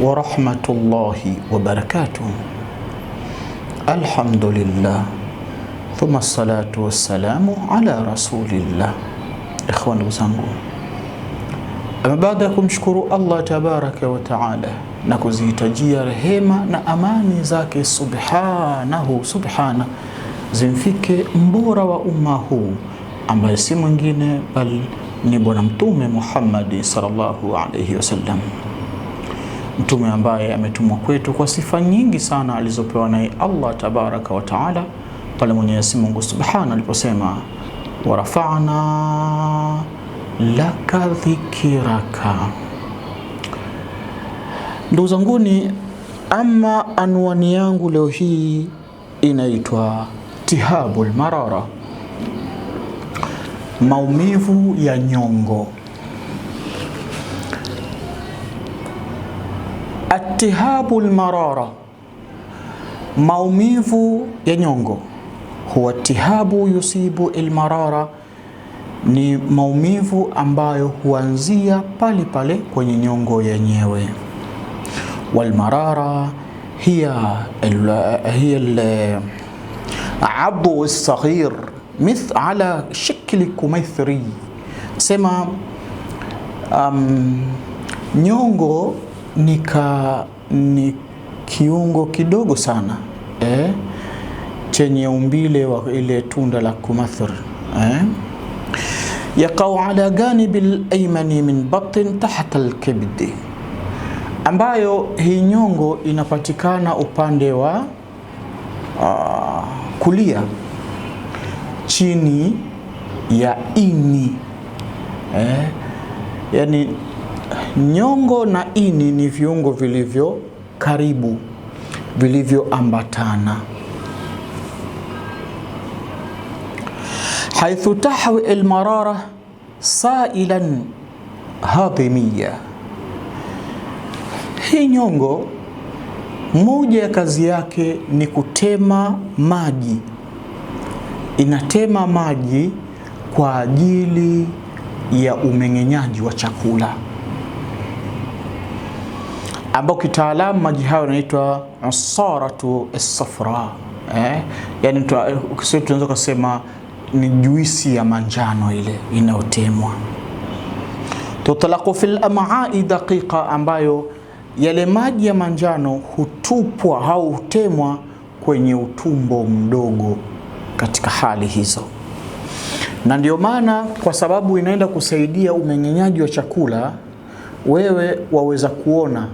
wa rahmatullahi wa barakatuh. Alhamdulillah thumma salatu wassalamu ala rasulillah. Ikhwa, ndugu zangu, ama baada ya kumshukuru Allah tabaraka wa taala na kuzihitajia rehema na amani zake subhanahu subhana zimfike mbora wa umma huu ambaye si mwingine bali ni Bwana Mtume Muhammad sallallahu alayhi wasallam mtume ambaye ametumwa kwetu kwa sifa nyingi sana alizopewa naye Allah tabaraka wa taala, pale Mwenyezi Mungu subhana aliposema warafana laka dhikiraka. Ndugu zanguni, ama anwani yangu leo hii inaitwa tihabul marara, maumivu ya nyongo. Iltihabu lmarara, maumivu ya nyongo. Huwa tihabu yusibu ilmarara, ni maumivu ambayo huanzia pale pale kwenye nyongo yenyewe. Walmarara hiya adu lsaghir ala shikli kumithri, sema um, nyongo nika ni kiungo kidogo sana eh, chenye umbile wa ile tunda la kumathur eh, yaqau ala janibil aymani min batin tahta alkibdi, ambayo hii nyongo inapatikana upande wa uh, kulia chini ya ini eh, yani Nyongo na ini ni viungo vilivyo karibu, vilivyoambatana. haithu tahwi almarara sailan hadhimia. Hii nyongo moja ya kazi yake ni kutema maji, inatema maji kwa ajili ya umeng'enyaji wa chakula ambao kitaalamu maji hayo yanaitwa asaratu safra eh? Yani Kiswahili tunaweza kusema ni juisi ya manjano ile inayotemwa, tutlaqu fil amai daqiqa, ambayo yale maji ya manjano hutupwa au hutemwa kwenye utumbo mdogo katika hali hizo, na ndio maana kwa sababu inaenda kusaidia umeng'enyaji wa chakula, wewe waweza kuona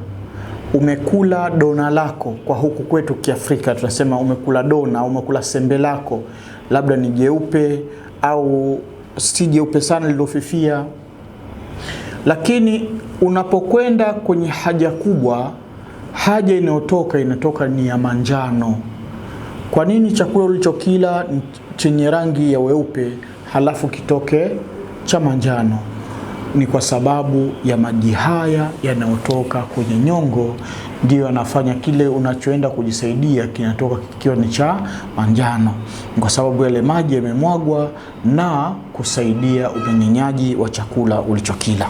umekula dona lako. Kwa huku kwetu Kiafrika tunasema umekula dona, umekula sembe lako, labda ni jeupe au si jeupe sana, lilofifia. Lakini unapokwenda kwenye haja kubwa, haja inayotoka inatoka ni ya manjano. Kwa nini chakula ulichokila chenye rangi ya weupe halafu kitoke cha manjano? ni kwa sababu ya maji haya yanayotoka kwenye nyongo ndiyo anafanya kile unachoenda kujisaidia kinatoka kikiwa ni cha manjano, kwa sababu yale maji yamemwagwa na kusaidia umeng'enyaji wa chakula ulichokila.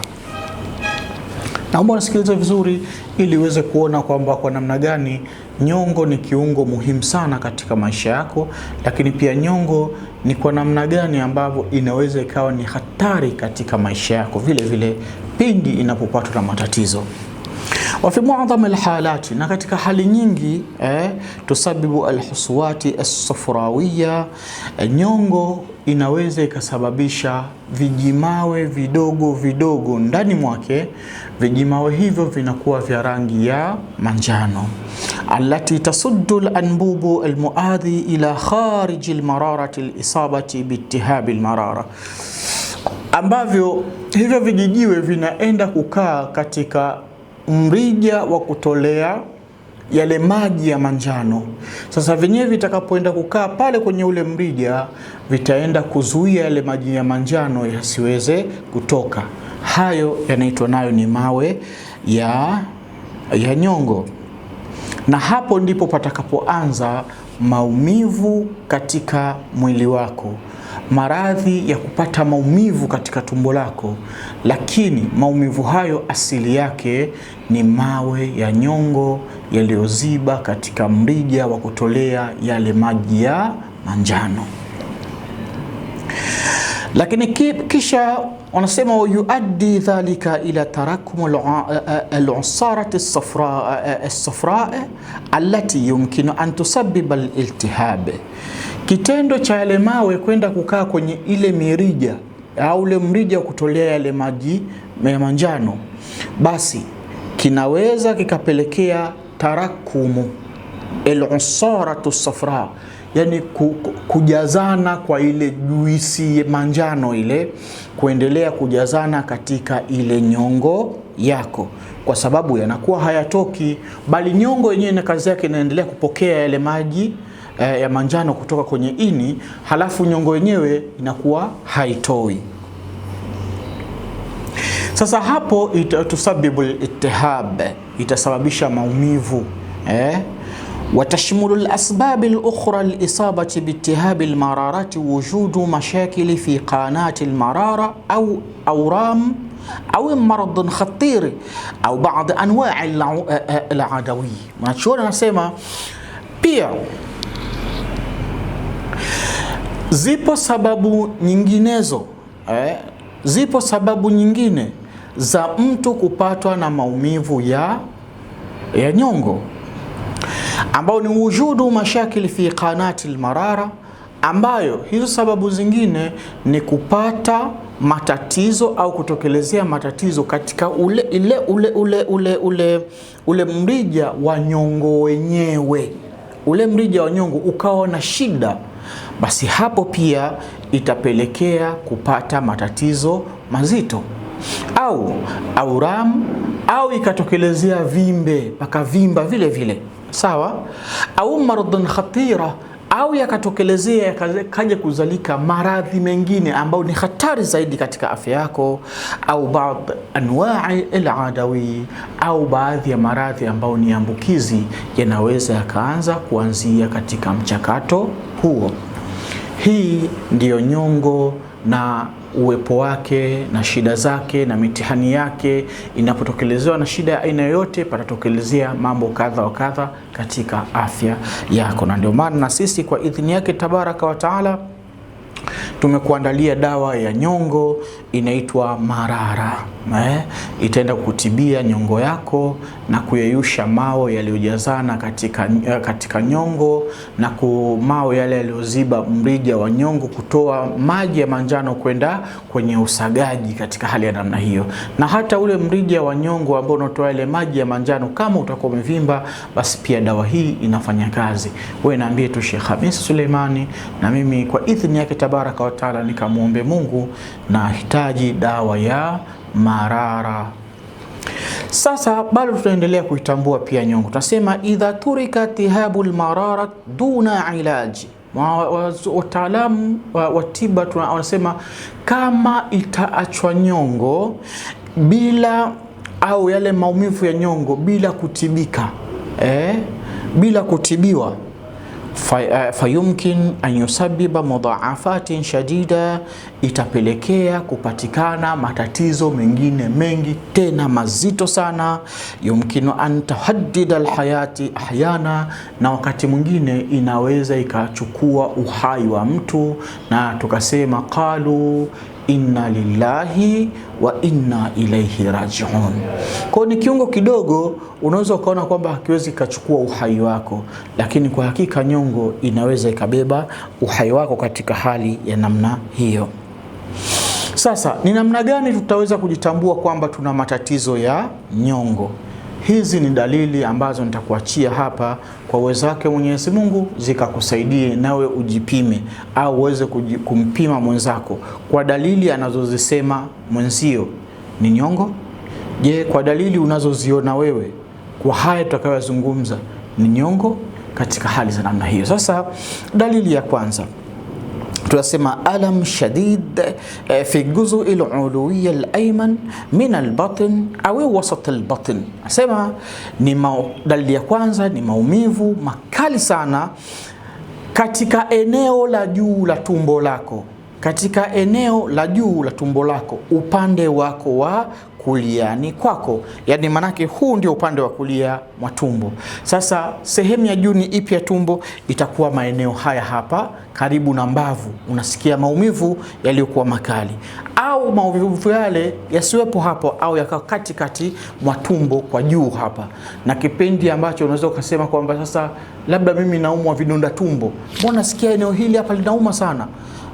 Naomba unasikiliza vizuri ili uweze kuona kwamba kwa namna gani nyongo ni kiungo muhimu sana katika maisha yako, lakini pia nyongo ni kwa namna gani ambavyo inaweza ikawa ni hatari katika maisha yako, vile vile pindi inapopatwa na matatizo wa fi muadham alhalati, na katika hali nyingi eh, tusabibu alhuswati alsafrawiya, eh, nyongo inaweza ikasababisha vijimawe vidogo vidogo ndani mwake. Vijimawe hivyo vinakuwa vya rangi ya manjano. Allati tasuddu lanbubu almuadhi ila khariji lmararati lisabati bitihabi lmarara ambavyo hivyo vijijiwe vinaenda kukaa katika mrija wa kutolea yale maji ya manjano. Sasa vyenyewe vitakapoenda kukaa pale kwenye ule mrija, vitaenda kuzuia yale maji ya manjano yasiweze kutoka. Hayo yanaitwa nayo ni mawe ya, ya nyongo, na hapo ndipo patakapoanza maumivu katika mwili wako maradhi ya kupata maumivu katika tumbo lako, lakini maumivu hayo asili yake ni mawe ya nyongo yaliyoziba katika mrija wa kutolea yale maji ya manjano. Lakini kisha wanasema yuaddi dhalika ila tarakum al-usarati as-safra allati yumkinu an tusabiba al-iltihab, kitendo cha yale mawe kwenda kukaa kwenye ile mirija au ule mrija wa kutolea yale maji ya manjano, basi kinaweza kikapelekea tarakumu al as-safra yani ku, kujazana kwa ile juisi manjano ile kuendelea kujazana katika ile nyongo yako, kwa sababu yanakuwa hayatoki, bali nyongo yenyewe na kazi yake inaendelea kupokea yale maji eh, ya manjano kutoka kwenye ini, halafu nyongo yenyewe inakuwa haitoi. Sasa hapo itatusabibu itihab, itasababisha maumivu eh? watashmulu lasbabi lukhra lisabati biitihabi lmararati wujudu mashakili fi qanati lmarara au awram au maradun khatiri au badi anwai ladawi. Mwanachuoni anasema pia zipo sababu nyinginezo eh, zipo sababu nyingine za mtu kupatwa na maumivu ya, ya nyongo ambao ni wujudu mashakili fi qanati almarara, ambayo hizo sababu zingine ni kupata matatizo au kutokelezea matatizo katika ule, ile, ule, ule, ule, ule, ule mrija wa nyongo wenyewe, ule mrija wa nyongo ukawa na shida, basi hapo pia itapelekea kupata matatizo mazito au auram au ikatokelezea vimbe mpaka vimba vile vile sawa, au maradhan khatira, au yakatokelezea yakaja kuzalika maradhi mengine ambayo ni hatari zaidi katika afya yako, au baadhi anwai aladawi, au baadhi ya maradhi ambayo ni ambukizi yanaweza yakaanza kuanzia katika mchakato huo. Hii ndiyo nyongo na uwepo wake na shida zake na mitihani yake. Inapotokelezewa na shida ya aina yoyote, patatokelezea mambo kadha wa kadha katika afya yako, na ndio maana na sisi kwa idhini yake tabaraka wa taala tumekuandalia dawa ya nyongo inaitwa marara eh, itaenda kutibia nyongo yako na kuyeyusha mao yaliyojazana katika, eh, katika nyongo na ku mao yale yaliyoziba mrija wa nyongo, kutoa maji ya manjano kwenda kwenye usagaji katika hali ya namna hiyo, na hata ule mrija wa nyongo ambao unatoa ile maji ya manjano kama utakuwa umevimba, basi pia dawa hii inafanya kazi. Wewe naambie tu Sheikh Hamisi Suleimani, na mimi kwa idhini yake tabaraka wataala, nikamwombe Mungu nahitaji dawa ya marara. Sasa bado tutaendelea kuitambua pia nyongo, tunasema idha turika tihabu lmarara duna ilaji Wataalamu wa tiba wanasema kama itaachwa nyongo bila au yale maumivu ya nyongo bila kutibika eh, bila kutibiwa Eh, fayumkin an yusabiba mudhaafatin shadida, itapelekea kupatikana matatizo mengine mengi tena mazito sana. Yumkinu an tuhaddida alhayati ahyana, na wakati mwingine inaweza ikachukua uhai wa mtu, na tukasema qalu inna lillahi wa inna ilaihi rajiun. Kwa ni kiungo kidogo, unaweza ukaona kwamba hakiwezi kachukua uhai wako, lakini kwa hakika nyongo inaweza ikabeba uhai wako katika hali ya namna hiyo. Sasa ni namna gani tutaweza kujitambua kwamba tuna matatizo ya nyongo? Hizi ni dalili ambazo nitakuachia hapa kwa uwezo wake Mwenyezi Mungu zikakusaidie nawe ujipime au uweze kumpima mwenzako kwa dalili anazozisema mwenzio ni nyongo. Je, kwa dalili unazoziona wewe kwa haya tutakayozungumza ni nyongo katika hali za namna hiyo? Sasa dalili ya kwanza tunasema alam shadid e, fi juzuu al alayman al-ayman min au wasat al Asema ni dalili ya kwanza ni maumivu makali sana katika eneo la juu la tumbo lako, katika eneo la juu la tumbo lako, upande wako wa kuliani kwako, yani manake huu ndio upande wa kulia mwa tumbo. Sasa sehemu ya juu ni ipi ya tumbo? Itakuwa maeneo haya hapa karibu na mbavu, unasikia maumivu yaliyokuwa makali, au maumivu yale yasiwepo hapo au yaka katikati mwa tumbo kwa juu hapa, na kipindi ambacho unaweza ukasema kwamba sasa labda mimi naumwa vidonda tumbo, mbona sikia eneo hili hapa linauma sana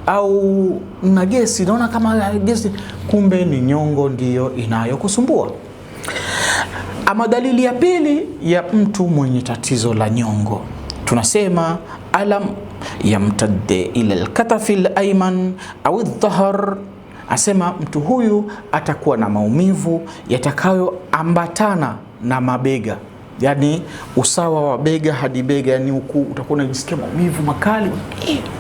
au na gesi, naona kama gesi, kumbe ni nyongo ndiyo inayokusumbua. Ama dalili ya pili ya mtu mwenye tatizo la nyongo tunasema alam yamtadde ila alkatafi alayman au aldhahar, asema mtu huyu atakuwa na maumivu yatakayoambatana na mabega yani usawa wa bega hadi bega, yani huku utakuwa unajisikia maumivu makali,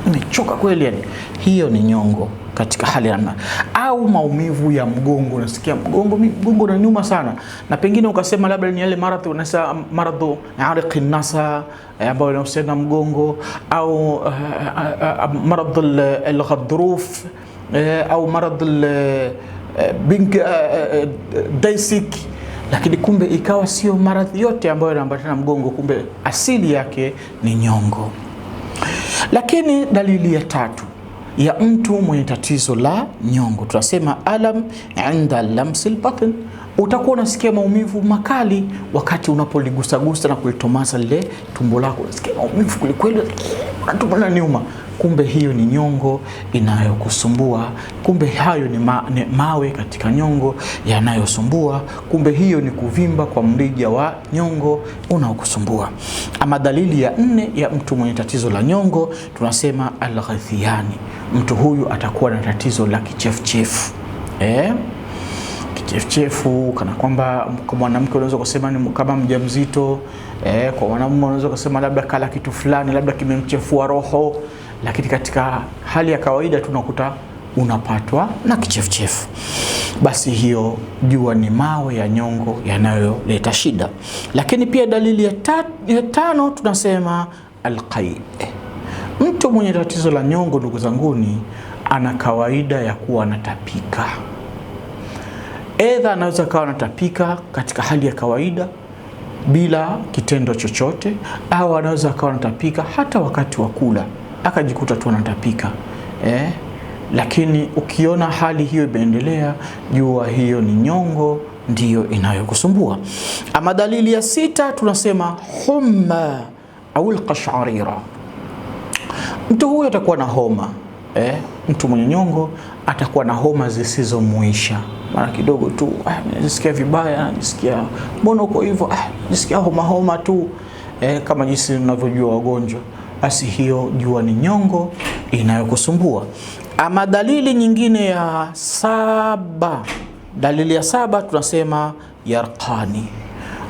umechoka kweli yani. Hiyo ni nyongo katika hali ana au maumivu ya mgongo, unasikia mgongo, mgongo nyuma sana, na pengine ukasema labda ni yale maradhi unasa maradhi ariqi nasa eh, ambayo inahusiana mgongo, au eh, eh, maradhi al-ghadruf au maradhi bink daisik lakini kumbe ikawa sio maradhi yote ambayo yanaambatana mgongo, kumbe asili yake ni nyongo. Lakini dalili ya tatu ya mtu mwenye tatizo la nyongo tunasema alam inda lamsil batin, utakuwa unasikia maumivu makali wakati unapoligusagusa na kulitomaza lile tumbo lako, unasikia maumivu kwelikweli, tumbo nyuma kumbe hiyo ni nyongo inayokusumbua, kumbe hayo ni, ma, ni mawe katika nyongo yanayosumbua, kumbe hiyo ni kuvimba kwa mrija wa nyongo unaokusumbua. Ama dalili ya nne ya mtu mwenye tatizo la nyongo tunasema alghathiani, mtu huyu atakuwa na tatizo la kichefuchefu eh? Kichefuchefu kana kwamba kwa mwanamke unaweza kusema ni kama mjamzito eh, kwa mwanamume unaweza kusema labda kala kitu fulani, labda kimemchefua roho lakini katika hali ya kawaida tunakuta unapatwa na kichefuchefu, basi hiyo jua ni mawe ya nyongo yanayoleta shida. Lakini pia dalili ya, ta, ya tano tunasema alqai. Mtu mwenye tatizo la nyongo, ndugu zanguni, ana kawaida ya kuwa anatapika. Edha anaweza kawa anatapika katika hali ya kawaida bila kitendo chochote, au anaweza akawa anatapika hata wakati wa kula akajikuta tu anatapika eh? Lakini ukiona hali hiyo imeendelea, jua hiyo ni nyongo ndiyo inayokusumbua. Ama dalili ya sita tunasema humma au alqasharira, mtu huyo atakuwa na homa eh? Mtu mwenye nyongo atakuwa na homa zisizomuisha mara kidogo tu ah, nisikia vibaya, nisikia mbona uko hivyo, ah, nisikia homa homa tu eh, kama jinsi unavyojua wagonjwa basi hiyo jua ni nyongo inayokusumbua. Ama dalili nyingine ya saba, dalili ya saba tunasema yarqani.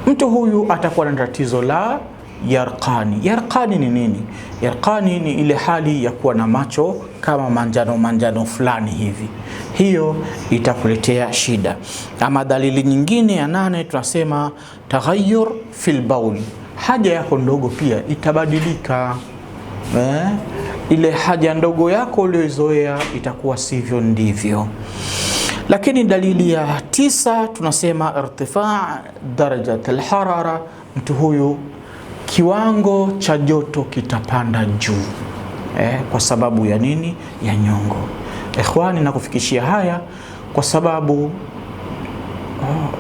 Mtu huyu atakuwa na tatizo la yarqani. Yarqani ni nini? Yarqani ni ile hali ya kuwa na macho kama manjano manjano fulani hivi, hiyo itakuletea shida. Ama dalili nyingine ya nane tunasema taghayur fil bawl, haja yako ndogo pia itabadilika eh, ile haja ndogo yako uliyoizoea itakuwa sivyo ndivyo. Lakini dalili ya tisa tunasema irtifa darajat alharara, mtu huyu kiwango cha joto kitapanda juu eh, kwa sababu ya nini? Ya nyongo. Ikhwani, na kufikishia haya kwa sababu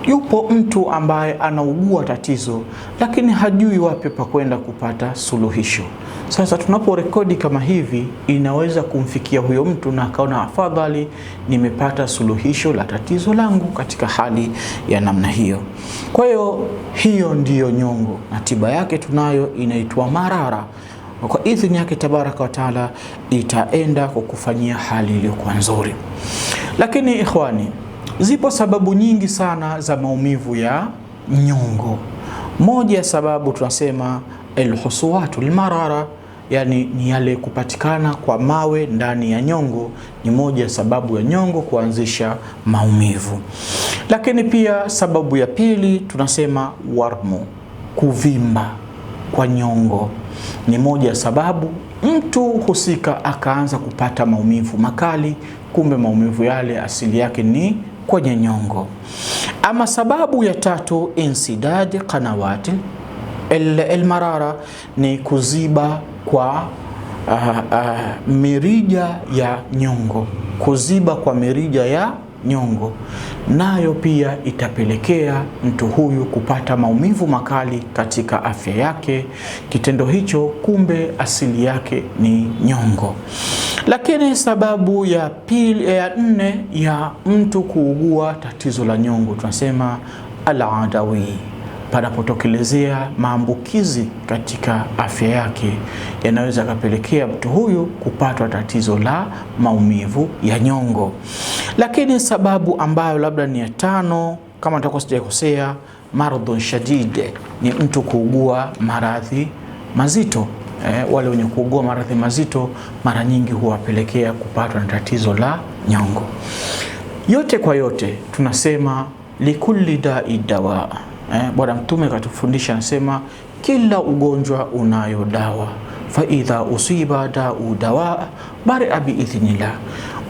Yupo mtu ambaye anaugua tatizo lakini hajui wapi pa kwenda kupata suluhisho. Sasa tunaporekodi kama hivi, inaweza kumfikia huyo mtu na akaona afadhali, nimepata suluhisho la tatizo langu katika hali ya namna hiyo. Kwa hiyo hiyo ndiyo nyongo, na tiba yake tunayo, inaitwa marara kwa idhini yake tabaraka wa taala itaenda kukufanyia hali iliyokuwa nzuri. Lakini ikhwani Zipo sababu nyingi sana za maumivu ya nyongo. Moja ya sababu tunasema alhuswatu almarara, yani ni yale kupatikana kwa mawe ndani ya nyongo, ni moja ya sababu ya nyongo kuanzisha maumivu. Lakini pia sababu ya pili tunasema warmu, kuvimba kwa nyongo ni moja ya sababu mtu husika akaanza kupata maumivu makali, kumbe maumivu yale asili yake ni kwenye nyongo. Ama sababu ya tatu, insidadi qanawati almarara, ni kuziba kwa uh, uh, mirija ya nyongo, kuziba kwa mirija ya nyongo, nayo pia itapelekea mtu huyu kupata maumivu makali katika afya yake. Kitendo hicho kumbe asili yake ni nyongo. Lakini sababu ya pili, ya nne ya mtu kuugua tatizo la nyongo tunasema al-adawi panapotokelezea maambukizi katika afya yake yanaweza kapelekea mtu huyu kupatwa tatizo la maumivu ya nyongo. Lakini sababu ambayo labda ni ya tano, kama nitakuwa sijakosea, maradhun shadide, ni mtu kuugua maradhi mazito. Eh, wale wenye kuugua maradhi mazito mara nyingi huwapelekea kupatwa na tatizo la nyongo. Yote kwa yote tunasema likulli dai dawaa eh, Bwana Mtume katufundisha anasema, kila ugonjwa unayo dawa, fa idha usiba dau dawa abi biidhnillah,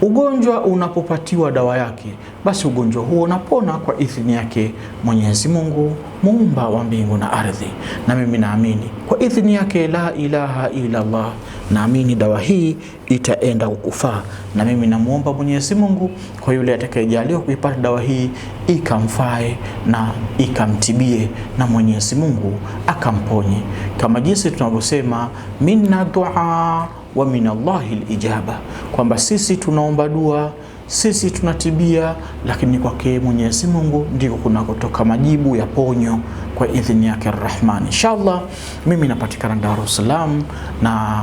ugonjwa unapopatiwa dawa yake, basi ugonjwa huo unapona kwa idhini yake Mwenyezi Mungu muumba wa mbingu na ardhi. Na mimi naamini kwa idhini yake la ilaha illa Allah naamini dawa hii itaenda kukufaa, na mimi namwomba Mwenyezi Mungu kwa yule atakayejaliwa kuipata dawa hii ikamfae na ikamtibie, na Mwenyezi Mungu akamponye, kama jinsi tunavyosema minna dua wa minallahi lijaba, kwamba sisi tunaomba dua sisi tunatibia, lakini kwake Mwenyezi Mungu ndiko kunakotoka majibu ya ponyo kwa idhini yake rahman Inshallah, mimi napatikana Dar es Salaam na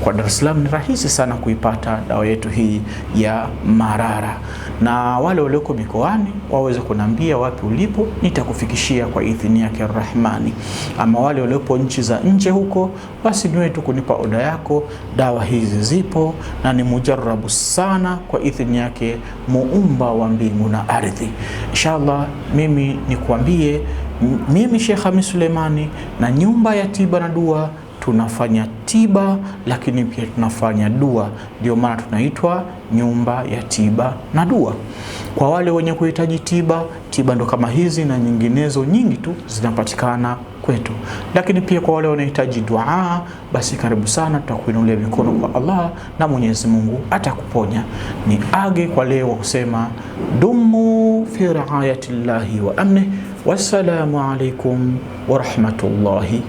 kwa Dar es Salaam ni rahisi sana kuipata dawa yetu hii ya Marara, na wale walioko mikoani waweze kuniambia wapi ulipo, nitakufikishia kwa idhini yake rahmani Ama wale waliopo nchi za nje huko, basi niwe tu kunipa oda yako. Dawa hizi zipo na ni mujarabu sana kwa idhini yake muumba wa mbingu na ardhi. Inshallah, mimi nikuambie mimi Sheikh hamis Suleimani na nyumba ya tiba na dua tunafanya tiba lakini pia tunafanya dua. Ndio maana tunaitwa nyumba ya tiba na dua. Kwa wale wenye kuhitaji tiba, tiba ndo kama hizi na nyinginezo nyingi tu zinapatikana kwetu. Lakini pia kwa wale wanahitaji dua, basi karibu sana, tutakuinulia mikono kwa Allah na Mwenyezi Mungu atakuponya. Ni age kwa leo wa kusema dumu fi riayatillahi wa amne, Wassalamu alaikum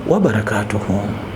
wa barakatuhu.